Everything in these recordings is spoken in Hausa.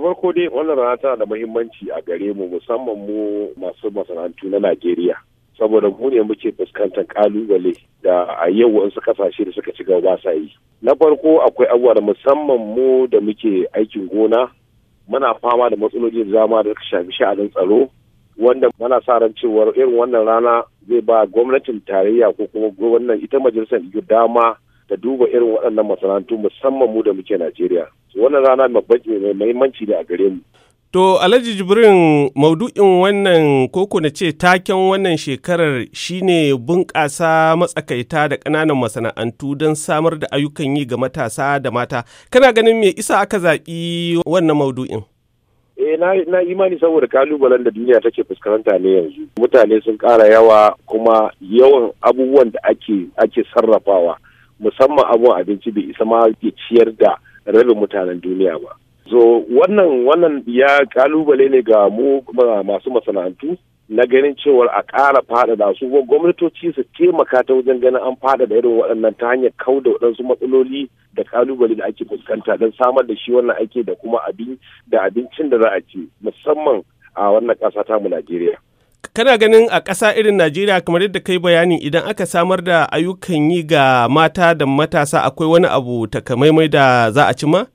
na farko dai wannan rana tana da muhimmanci a gare mu musamman mu masu masana'antu na Najeriya. Saboda mu ne muke fuskantar kalubale da a yau wasu kasashe da suka ci gaba ba sa yi. Na farko akwai abubuwa da musamman mu da muke aikin gona muna fama da matsaloli da dama da suka shafi sha'anin tsaro wanda muna sa ran cewa irin wannan rana zai ba gwamnatin tarayya ko kuma wannan ita majalisar dama da duba irin waɗannan masana'antu musamman mu da muke Najeriya. Wannan rana mai mahimmanci ne a gare mu. To Alhaji Jibrin maudu'in wannan koko na ce taken wannan shekarar shine bunƙasa matsakaita da ƙananan masana'antu don samar da ayyukan yi ga matasa da mata. Kana ganin me isa aka zaɓi wannan maudu'in? Eh na imani saboda kalubalen da duniya take fuskanta ne yanzu. Mutane sun ƙara yawa kuma yawan abubuwan da ake ake sarrafawa. musamman abun abinci bai isa ma ke ciyar da rabin mutanen duniya ba so wannan wannan ya kalubale ne ga mu masu masana'antu na ganin cewar a ƙara da su gwamnatoci su taimaka ta wajen ganin an da irin waɗannan ta hanyar kau da waɗansu matsaloli da kalubale da ake fuskanta don samar da shi wannan aiki da kuma abin da abincin da za a ci musamman a wannan ƙasa ta mu Najeriya. kana ganin a ƙasa irin Najeriya kamar yadda kai bayani idan aka samar da ayyukan yi ga mata da matasa akwai wani abu takamaimai da za a cima?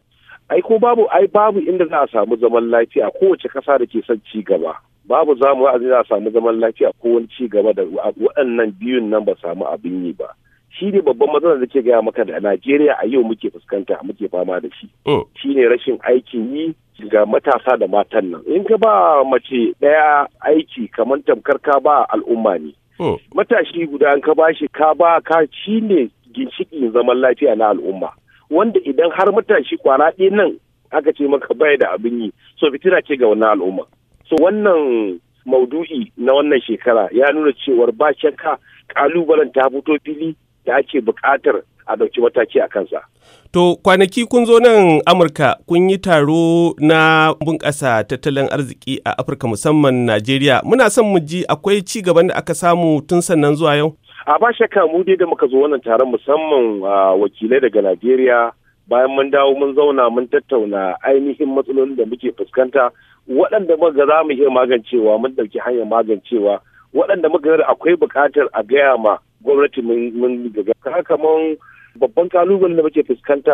Ai ko babu ai babu inda za a samu zaman lafiya kowace ƙasa da ke son ci gaba. Babu za mu za a samu zaman lafiya ko wani ci gaba da waɗannan biyun nan ba samu abin yi ba. shi ne babban matsalar da ke gaya maka da Najeriya a yau muke fuskanta muke fama da shi. Oh. Shi ne rashin aikin yi ga matasa da matan nan. In ka ba mace ɗaya aiki kamar tamkar ka ba al'umma ne. Oh. Matashi guda an ka ba shi ka ba ka shi ne ginshiƙi zaman lafiya na al'umma. Wanda idan har matashi kwana ɗaya nan aka ce maka bai da abin yi so fitina ce ga wannan al'umma. So wannan maudu'i na wannan shekara ya nuna cewar ba shakka kalubalen ta fito fili da ake buƙatar a ɗauki mataki a kansa. To kwanaki kun zo nan Amurka kun yi taro na bunƙasa tattalin arziki a Afirka musamman Najeriya. Muna son mu ji akwai ci gaban da aka samu tun sannan zuwa yau? A ba shakka mu dai da muka zo wannan taron musamman wakilai daga Najeriya bayan mun dawo mun zauna mun tattauna ainihin matsalolin da muke fuskanta waɗanda muka za mu iya magancewa mun ɗauki hanyar magancewa waɗanda muka akwai buƙatar a gaya ma gwamnati mun daga Ka kamar babban kalubalen da muke fuskanta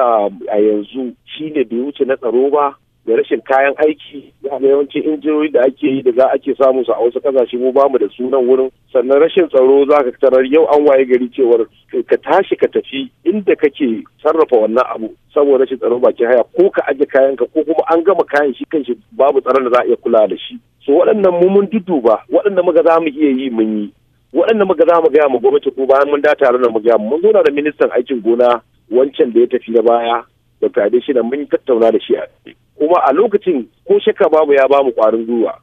a yanzu shi ne bai wuce na tsaro ba da rashin kayan aiki ne yawancin injiniyoyi da ake yi da za ake samu su a wasu kasashe mu bamu da sunan wurin sannan rashin tsaro za ka tarar yau an waye gari cewar ka tashi ka tafi inda kake sarrafa wannan abu saboda rashin tsaro baki haya ko ka aje kayan ka ko kuma an gama kayan shi kanshi babu tsaron da za a iya kula da shi so waɗannan mu mun duduba waɗanda muka za mu iya yi mun yi waɗanda muka za mu gaya mu gwamnati ko bayan mun da taron da mu gaya mun zauna da ministan aikin gona wancan da ya tafi na baya da fade shi mun tattauna da shi a kuma a lokacin ko shakka babu ya bamu kwarin gwiwa